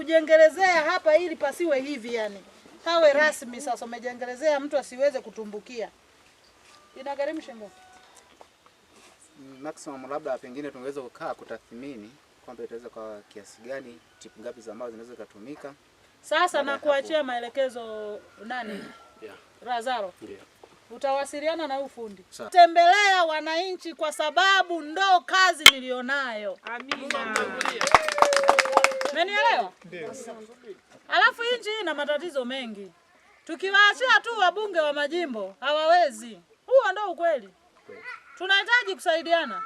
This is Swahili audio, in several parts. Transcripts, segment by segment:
kujengelezea hapa ili pasiwe hivi, yani hawe rasmi. Sasa umejengerezea mtu asiweze kutumbukia. Inagharimu shilingi ngapi? Maximum labda pengine tungeweza kukaa kutathmini kwamba itaweza kwa kiasi gani, tipu ngapi za mawe zinaweza kutumika. Sasa na kuachia maelekezo nani? Yeah. Razaro. Yeah. Utawasiliana na ufundi. Tembelea wananchi kwa sababu ndo kazi nilionayo. Amina. Menielewa? Alafu nchi ina matatizo mengi, tukiwaachia tu wabunge wa majimbo hawawezi. Huo ndio ukweli, tunahitaji kusaidiana.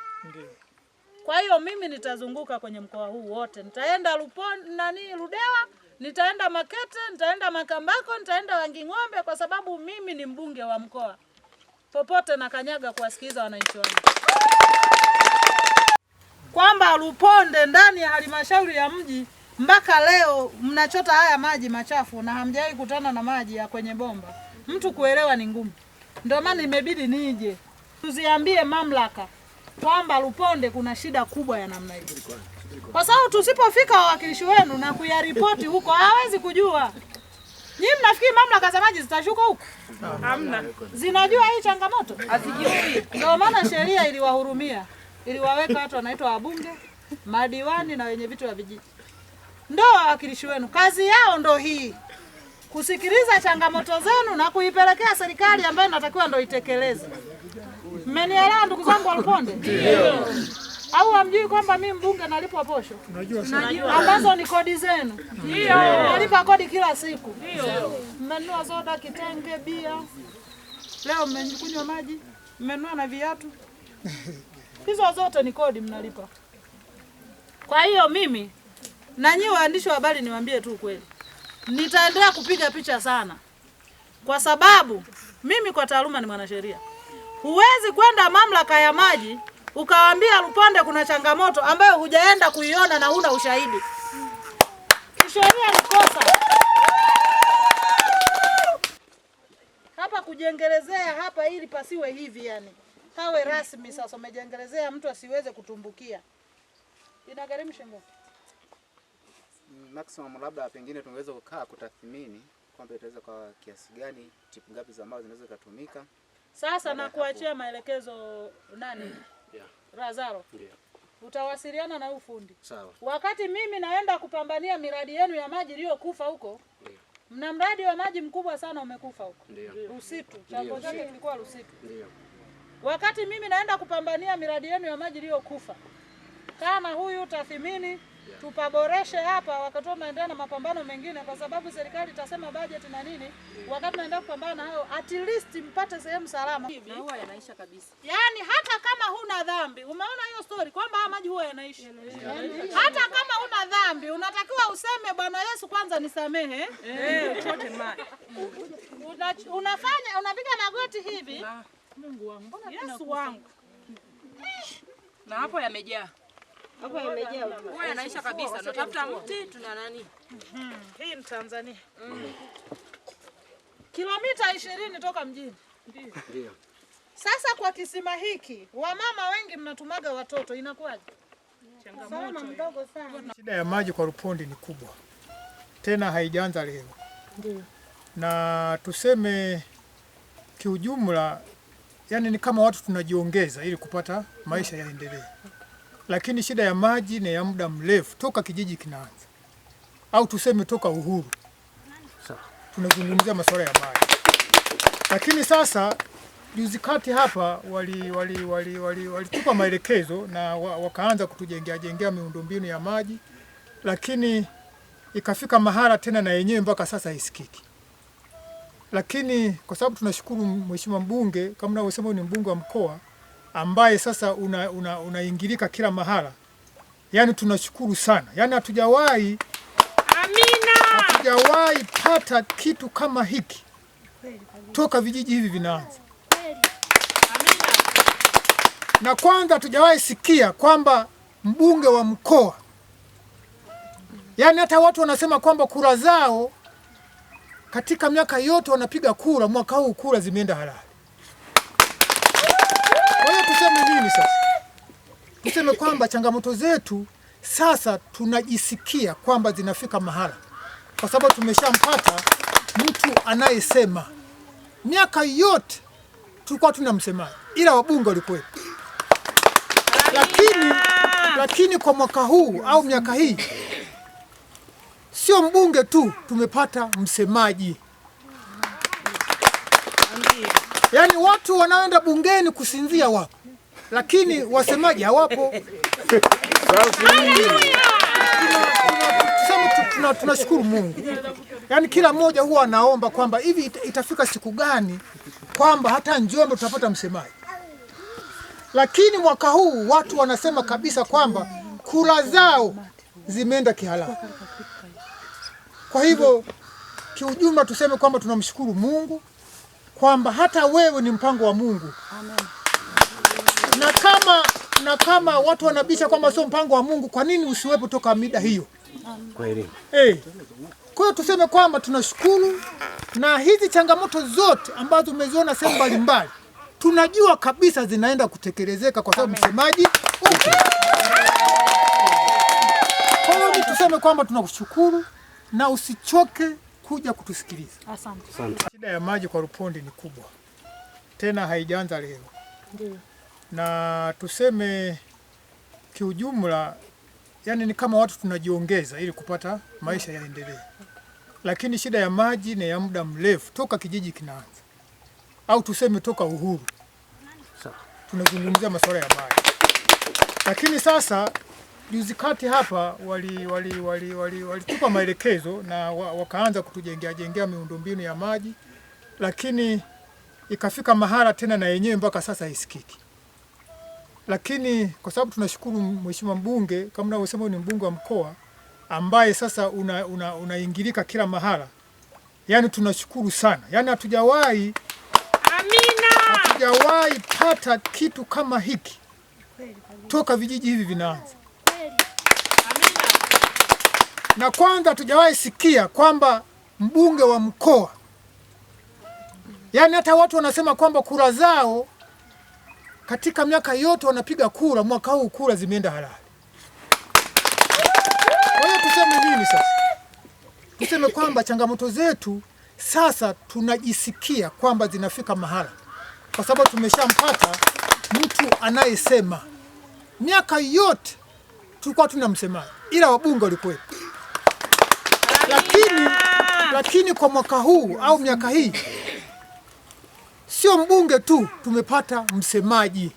Kwa hiyo mimi nitazunguka kwenye mkoa huu wote, nitaenda Lupon, nani Ludewa, nitaenda Makete, nitaenda Makambako, nitaenda Wanging'ombe kwa sababu mimi ni mbunge wa mkoa. Popote na kanyaga kuwasikiliza wananchi wangu kwamba Luponde ndani ya halmashauri ya mji mpaka leo mnachota haya maji machafu na hamjawahi kutana na maji ya kwenye bomba. Mtu kuelewa ni ngumu, ndio maana imebidi nije tuziambie mamlaka kwamba Luponde kuna shida kubwa ya namna hii, kwa sababu tusipofika wawakilishi wenu na kuyaripoti huko hawezi kujua. Nyinyi mnafikiri mamlaka za maji zitashuka huko? Hamna, zinajua hii changamoto, hazijui. Ndio maana sheria iliwahurumia, iliwaweka watu wanaitwa wabunge, madiwani na wenye vitu vya vijiji ndo wawakilishi wenu. Kazi yao ndo hii kusikiliza changamoto zenu na kuipelekea serikali ambayo inatakiwa ndo itekeleze. Mmenielewa ndugu zangu Waliponde? Au hamjui kwamba mi mbunge nalipwa posho? Ambazo ni kodi zenu. Ndio. Nalipa kodi kila siku. mmenua Mmenunua soda, kitenge, bia. Leo mmekunywa maji, mmenunua na viatu. Hizo zote ni kodi mnalipa. Kwa hiyo mimi na nyinyi waandishi wa habari, niwaambie tu kweli, nitaendelea kupiga picha sana, kwa sababu mimi kwa taaluma ni mwanasheria. Huwezi kwenda mamlaka ya maji ukawaambia Lupande kuna changamoto ambayo hujaenda kuiona na huna ushahidi. Kisheria ni kosa. Hapa kujengerezea hapa ili pasiwe hivi, yani pawe rasmi. Sasa umejengerezea mtu asiweze kutumbukia, inagharimu shilingi maximum labda pengine tungeweza kukaa kutathmini kwamba itaweza kwa kiasi gani, tipu ngapi za mawe zinaweza kutumika. Sasa na kuachia maelekezo nani? Yeah. Razaro. Yeah. Utawasiliana na ufundi. Sawa. Wakati mimi naenda kupambania miradi yenu ya maji iliyokufa huko. Yeah. Mna mradi wa maji mkubwa sana umekufa huko. Rusitu. Chanzo chake kilikuwa Rusitu. Yeah. Wakati mimi naenda kupambania miradi yenu ya maji iliyokufa. kama huyu tathmini tupaboreshe hapa, wakati tunaendelea na mapambano mengine, kwa sababu serikali itasema bajeti na nini, wakati tunaendelea kupambana na hayo, at least mpate sehemu salama, na huwa yanaisha kabisa. Yani hata kama huna dhambi, umeona hiyo story kwamba haya maji huwa yanaisha hata kama huna dhambi, unatakiwa useme Bwana Yesu kwanza nisamehe, eh, unafanya unapiga magoti hivi, Mungu wangu, Yesu wangu, na hapo yamejaa Huyu naisha kabisa, tunatafuta mti tuna nani. Mm-hmm. Hii ni Tanzania. Mm-hmm. Kilomita ishirini toka mjini. Ndio. Sasa kwa kisima hiki wamama wengi mnatumaga watoto inakuwaje? Changamoto mdogo sana. Shida ya maji kwa rupondi ni kubwa, tena haijaanza leo. Ndio. Na tuseme kiujumla, yani ni kama watu tunajiongeza ili kupata maisha yaendelee lakini shida ya maji ni ya muda mrefu toka kijiji kinaanza, au tuseme toka uhuru. Tunazungumzia masuala ya maji, lakini sasa juzi kati hapa walitupa wali, wali, wali, wali maelekezo na wakaanza kutujengea jengea miundombinu ya maji, lakini ikafika mahala tena na yenyewe mpaka sasa haisikiki. Lakini kwa sababu tunashukuru mheshimiwa mbunge, kama unavyosema ni mbunge wa mkoa ambaye sasa unaingilika una, una kila mahala. Yaani tunashukuru sana, yaani hatujawahi amina, hatujawahi pata kitu kama hiki toka vijiji hivi vinaanza, na kwanza hatujawahi sikia kwamba mbunge wa mkoa, yaani hata watu wanasema kwamba kura zao katika miaka yote wanapiga kura, mwaka huu kura zimeenda halali. niseme kwamba changamoto zetu sasa tunajisikia kwamba zinafika mahala, kwa sababu tumeshampata mtu anayesema. Miaka yote tulikuwa tuna msemaji, ila wabunge walikuwepo, lakini lakini kwa mwaka huu au miaka hii sio mbunge tu, tumepata msemaji. Yaani watu wanaoenda bungeni kusinzia wapo lakini wasemaji hawapo. Tunashukuru Mungu, yaani kila mmoja huwa anaomba kwamba hivi itafika siku gani kwamba hata Njombe tutapata msemaji, lakini mwaka huu watu wanasema kabisa kwamba kura zao zimeenda kihalali. Kwa hivyo kiujumla, tuseme kwamba tunamshukuru Mungu kwamba hata wewe ni mpango wa Mungu. Amen na kama, na kama watu wanabisha kwamba sio mpango wa Mungu, kwa nini usiwepo toka mida hiyo? Kweli. Hey. Kwa hiyo tuseme kwamba tunashukuru na hizi changamoto zote ambazo umeziona sehemu mbalimbali tunajua kabisa zinaenda kutekelezeka kwa sababu msemaji. tuseme kwamba tunakushukuru na usichoke kuja kutusikiliza. Asante. Shida ya maji kwa rupondi ni kubwa, tena haijaanza leo. Ndiyo na tuseme kiujumla, yani ni kama watu tunajiongeza ili kupata maisha yaendelee, lakini shida ya maji ni ya muda mrefu toka kijiji kinaanza, au tuseme toka uhuru tunazungumzia masuala ya maji. Lakini sasa juzi kati hapa walitupa wali, wali, wali, wali maelekezo na wakaanza kutujengea jengea miundombinu ya maji, lakini ikafika mahala tena na yenyewe mpaka sasa isikiki lakini kwa sababu tunashukuru mheshimiwa mbunge, kama unavyosema ni mbunge wa mkoa ambaye sasa unaingilika una, una kila mahala, yaani tunashukuru sana, yaani hatujawahi hatujawahi pata kitu kama hiki toka vijiji hivi vinaanza, na kwanza hatujawahi sikia kwamba mbunge wa mkoa, yaani hata watu wanasema kwamba kura zao katika miaka yote wanapiga kura, mwaka huu kura zimeenda halali. Kwa hiyo tuseme nini sasa? Tuseme kwamba changamoto zetu sasa tunajisikia kwamba zinafika mahala, kwa sababu tumeshampata mtu anayesema. Miaka yote tulikuwa tuna msemaji, ila wabunge walikuwepo, lakini lakini kwa mwaka huu au miaka hii sio mbunge tu, tumepata msemaji.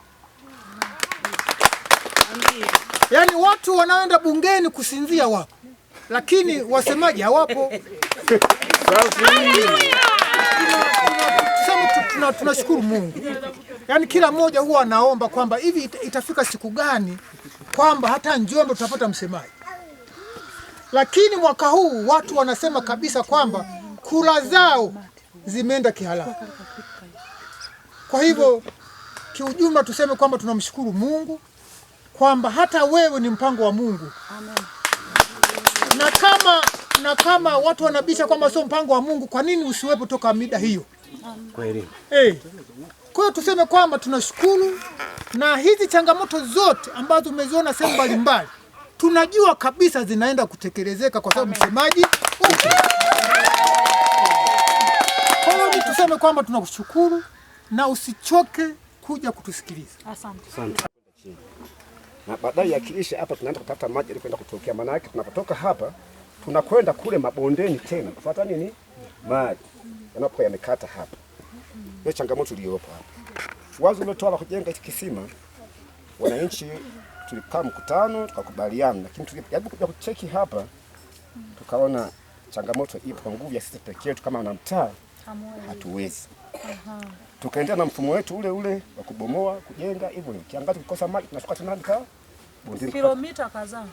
Yaani watu wanaenda bungeni kusinzia wapo, lakini wasemaji hawapo. Tunashukuru Mungu, yaani kila mmoja huwa anaomba kwamba hivi itafika siku gani kwamba hata Njombe tutapata msemaji, lakini mwaka huu watu wanasema kabisa kwamba kura zao zimeenda kihalali. Kwa hivyo kiujumla, tuseme kwamba tunamshukuru Mungu kwamba hata wewe ni mpango wa Mungu. Amen. Na kama na kama watu wanabisha kwamba sio mpango wa Mungu, kwa nini usiwepo toka mida hiyo? Kweli. Eh. Kwa hiyo tuseme kwamba tunashukuru, na hizi changamoto zote ambazo umeziona sehemu mbalimbali tunajua kabisa zinaenda kutekelezeka kwa sababu msemaji okay. Kwa hiyo tuseme kwamba tunakushukuru na usichoke kuja kutusikiliza. Asante. Asante. Na baadaye yakilisha hapa tunaenda kupata maji ili kwenda kutokea, maana yake tunapotoka hapa tunakwenda kule mabondeni tena kufuata nini? Maji yanapokuwa yamekata hapa. Hiyo changamoto iliyopo hapa. Wazo umetoa la kujenga kisima, wananchi tulikaa mkutano tukakubaliana, lakini tulijaribu kuja kucheki hapa tukaona changamoto ipo nguvu ya sisi pekee kama wanamtaa hatuwezi. Tukaendelea na mfumo wetu ule ule wa kubomoa, kujenga hivyo. hivyo, Kiangazi kikosa maji, tunashuka tena mpaka bondeni, kilomita kadhaa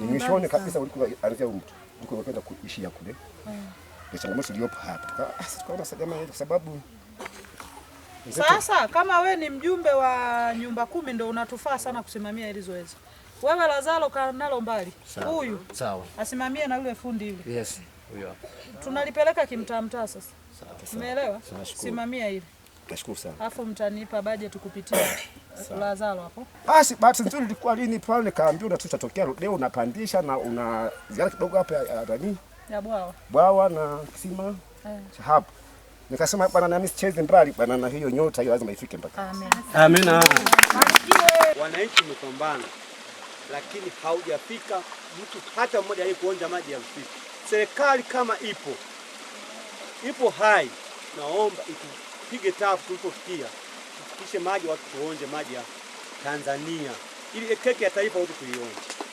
ni mishoni kabisa ulikoanzia mtu ndiko kwenda kuishia kule. ni changamoto iliyopo hapa, ah, tukaona jamaa kwa sababu sasa kama we ni mjumbe wa nyumba kumi ndo unatufaa sana kusimamia hili zoezi. Wewe Lazaro kanalo mbali huyu asimamie na yule fundi yule. Yes, huyo. Tunalipeleka kimtaa mtaa sasa. Umeelewa? Simamia ile. Nashukuru sana. Alafu mtanipa bajeti kupitia Lazaro hapo. Basi bahati nzuri ilikuwa lini pale nikaambiwa tu tutatokea leo unapandisha na una ziara kidogo hapa ya nini? Ya bwawa. Bwawa na kisima. Eh. Hapo. Nikasema bwana nami sicheze mbali bwana na hiyo nyota hiyo lazima ifike mpaka. Amen. Amen. Wananchi mmepambana. Lakini haujafika mtu hata mmoja aliyekuonja maji ya msitu. Serikali kama ipo ipo hai, naomba ipige tafu tulipofikia, tufikishe maji watu tuonje maji ya Tanzania, ili keki ya taifa watu tuione.